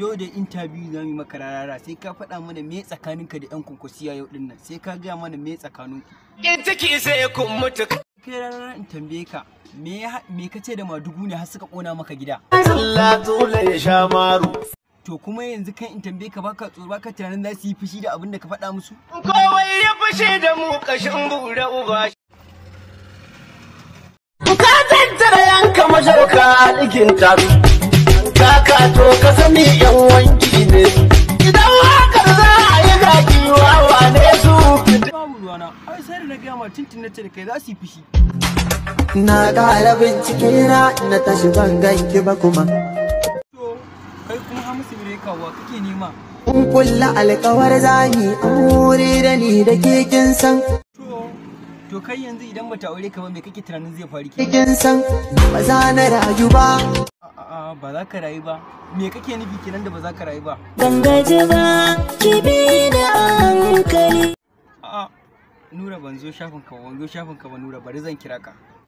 yau da interview za mu maka rarara sai ka faɗa mana me tsakaninka da yan kunkusiya yau din nan sai ka gaya mana me tsakanin ku in take sai kun mutu kai rarara in tambaye ka me me kace da madugu ne har suka kona maka gida Allah dole ya sha maru to kuma yanzu kan in tambaye ka baka tsoro baka tunanin za su yi fushi da abin da ka faɗa musu kowai ya fushi da mu kashin bura uba ka tattara yanka a alikin tabi ni yan wanki ne idan haka za a yi kaki wawa ne su ai sai na gaya tintin na da kai za su yi na bincike na na tashi ban ganki ba kuma kai kuma bire kawo kake nema in kulla alkawar zani an da ni da ke kin san To kai yanzu idan bata aure ka ba me kake tunanin zai faru Kin san ba za na rayu ba ba za ka rayu ba me kake nufi kenan da ba za ka rayu ba ban ba ki bi da hankali A'a, nura ban zo shafin ka ban zo shafin ka ba nura bari zan kira ka